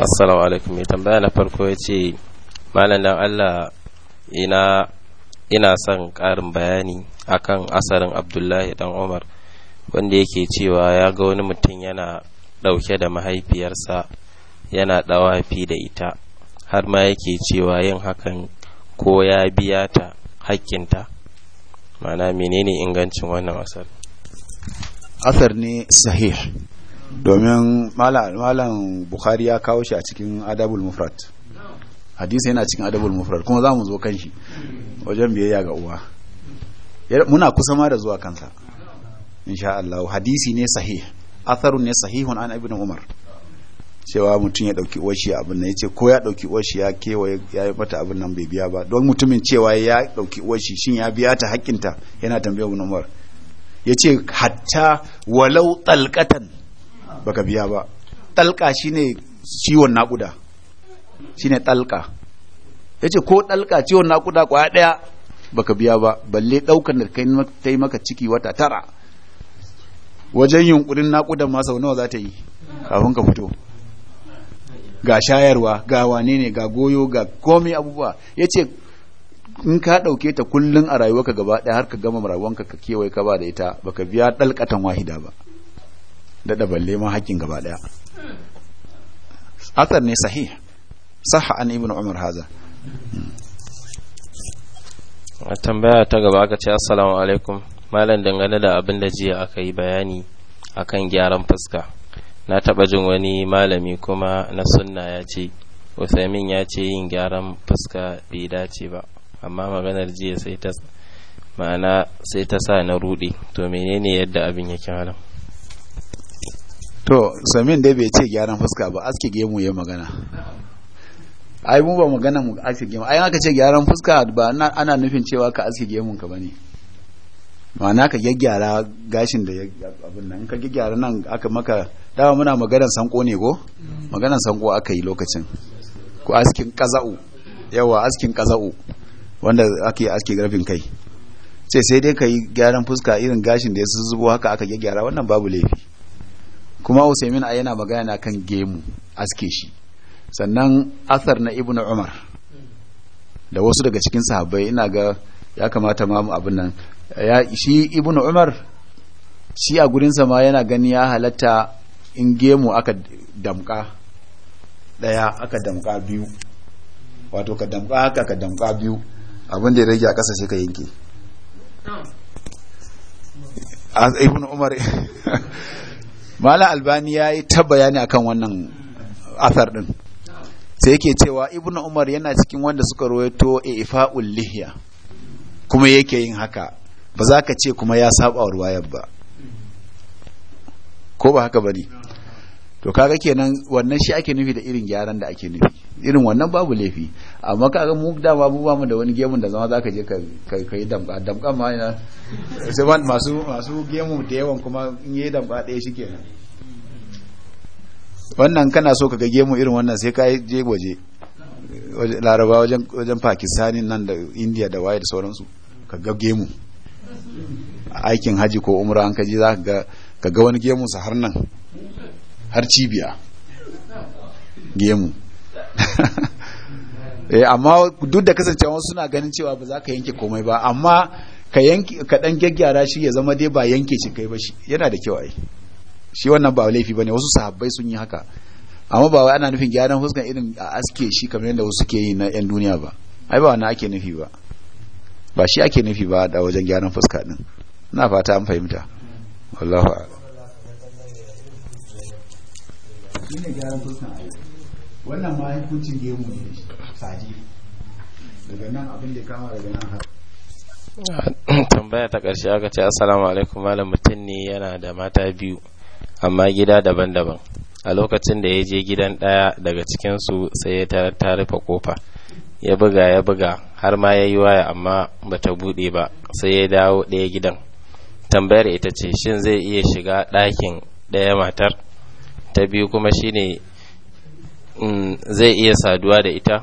assalamu alaikum mai tambaya na farko ya ce malam Allah ina ina son karin bayani akan asarin abdullahi dan umar wanda yake cewa ya ga wani mutum yana ɗauke da mahaifiyarsa yana ɗawafi da ita har ma yake cewa yin hakan ko ya biya ta hakkinta mana menene ingancin wannan asar asar ne sahih domin malam bukhari ya kawo shi a cikin adabul mufrad hadisi yana cikin adabul mufrad kuma za mu zo kan shi wajen biyayya ga uwa muna kusa ma da zuwa kansa insha Allah hadisi ne sahih atharun ne sahihun an ibn umar cewa mutum ya dauki uwar shi abin nan yace ko ya dauki uwar shi ya kewaye ya yi mata abin nan bai biya ba don mutumin cewa ya dauki uwar shi shin ya biya ta hakkinta yana tambayar ibn umar yace hatta walau talqatan baka biya ba talka shine ciwon nakuda shine talka yace ko talka ciwon nakuda kwaya daya baka biya ba balle ɗaukan da kai ta maka ciki wata tara wajen yunkurin naƙuda ma sau nawa za ta yi kafin ka fito ga shayarwa ga wane ne ga goyo ga komai abubuwa yace in ka ɗauke ta kullum a rayuwarka gaba ɗaya har ka gama rayuwarka ka kewaye ka ba da ita baka biya ɗalƙatan wahida ba daɗa balle ma hakkin gaba ɗaya athar ne sahih sahha an ibnu umar haza tambaya ta gaba aka ce assalamu alaikum malam dangane da abin da jiya aka yi bayani akan gyaran fuska na taba jin wani malami kuma na sunna ya ce usaimin ya ce yin gyaran fuska bai dace ba amma maganar jiya sai ta ma'ana sai ta sa na rude to menene yadda abin yake malam to samin dai bai ce gyaran fuska ba aske gemu ya magana ai mu ba magana mu aske gemu ai aka ce gyaran fuska ba ana nufin cewa ka aske gemun ka bane ma'ana ka gyaggyara gashin da abin nan ka gyaggyara nan aka maka dama muna maganar sanko ne ko maganar sanko aka yi lokacin ko askin kaza'u yawa askin kaza'u wanda ake aske garfin kai sai sai dai ka yi gyaran fuska irin gashin da ya su zubo haka aka gyaggyara wannan babu laifi kuma usaimin a yana magana kan gemu aske shi sannan asar na ibn umar da wasu daga cikin sahabbai ina ga ya kamata ma mu abin nan shi ibn umar shi a gurin gurinsa ma yana gani ya halatta in gemu aka damka daya aka damka biyu wato ka damka haka ka damka biyu abin da ya rage a ƙasa sai ka yanke ibn mala albani ya yi ta bayani akan wannan asar ɗin, sai yake cewa ibn umar yana cikin wanda suka rawaito ifa'ul lihya kuma yake yin haka ba za ka ce kuma ya saba ruwayar ba ko ba haka bane to kaga kenan wannan shi ake nufi da irin gyaran da ake nufi irin wannan babu laifi amma kaga mu dama mu ba mu da wani gemu da zama zaka je ka yi damka damka ma ina sai masu masu gemu da yawan kuma in yi damka ɗaya shi kenan wannan kana so ka ga gemu irin wannan sai ka je waje laraba wajen wajen pakistani nan da india da waye da sauransu ka ga gemu aikin haji ko umra an ka je za ka ga wani gemu sa har nan har cibiya gemu eh, amma duk da kasancewa suna ganin cewa ba za ka yanke komai ba amma ka yanke ka dan gyaggyara shi ya zama dai ba yanke shi kai ba shi yana da kyau ai shi wannan ba laifi bane wasu sahabbai sun yi haka amma ba wai ana nufin gyaran fuskan irin a aske shi kamar yadda wasu ke yi na yan duniya ba ai ba wani ake nufi ba ba shi ake nufi ba da wajen gyaran fuska din ina fata an fahimta wallahu a'lam shi tambaya ta ƙarshe aka ce assalamu alaikum malam mutum ne yana da mata biyu amma gida daban-daban a lokacin da ya je gidan ɗaya daga cikinsu sai ya tarar rufe kofa ya buga ya buga har ma ya yi waya amma ba ta buɗe ba sai ya dawo ɗaya gidan tambayar ita ce shin zai iya shiga ɗakin ɗaya matar ta biyu kuma shine mm, zai iya saduwa da ita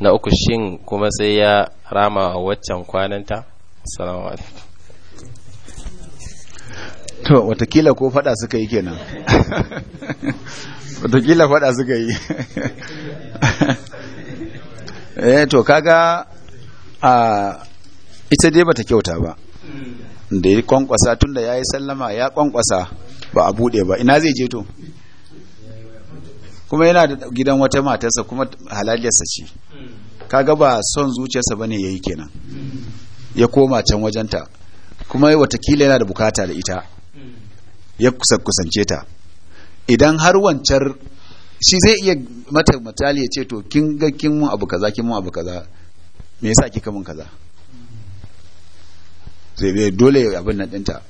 na uku shin kuma sai ya rama a waccan kwananta salamu to watakila ko fada suka yi kenan watakila fada suka yi eh to kaga a ita dai bata kyauta ba da ya kwankwasa tunda yi sallama ya kwankwasa ba a bude ba ina zai je to kuma yana da gidan wata matarsa kuma halaliyarsa ce kaga ba son zuciyarsa bane yayi kenan ya koma can wajenta kuma watakila yana da bukata da ita ya kusance ta idan har wancan shi zai iya mata matali ce to kin ga kin mun abu kaza kin mun abu kaza me yasa kika mun kaza zai bai dole abin nan dinta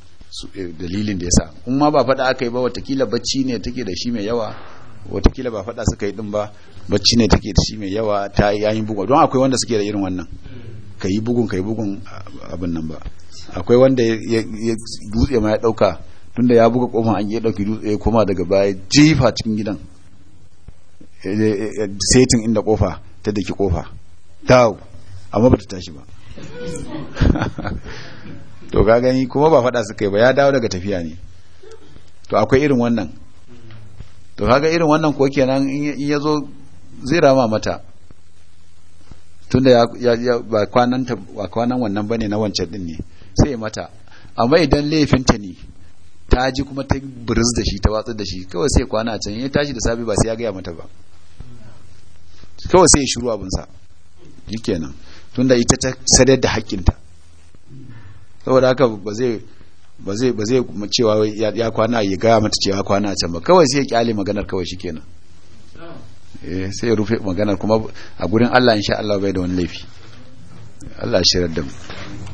eh, dalilin da yasa in ma ba faɗa aka yi ba watakila bacci ne take da shi mai yawa watakila ba faɗa suka yi ɗin ba bacci ne take da shi mai yawa ta yayin bugu don akwai wanda suke da irin wannan ka yi bugun ka yi bugun abin nan ba akwai wanda ya dutse ma ya ɗauka tunda ya buga koma an ya ɗauki dutse ya koma daga baya jifa cikin gidan setin inda kofa ta daki kofa dawo amma ba ta tashi ba to ka gani kuma ba faɗa suka yi ba ya dawo daga tafiya ne to akwai irin wannan to kaga irin wannan ko kenan in ya zo zai rama mata tunda ya ba kwanan ba kwanan wannan bane na wancan din ne sai mata amma idan laifin ta ne ta ji kuma ta buris da shi ta watsar da shi kawai sai kwana can ya tashi da sabi ba sai ya gaya mata ba kawai sai ya shiru abinsa shikenan tunda ita ta sadar da haƙƙinta saboda haka ba zai ba zai ba zai cewa ya kwana ya ga mata cewa kwana can ba kawai sai ya kyale maganar kawai shikenan eh sai ya rufe maganar kuma a gurin Allah insha Allah bai da wani laifi Allah shirar da mu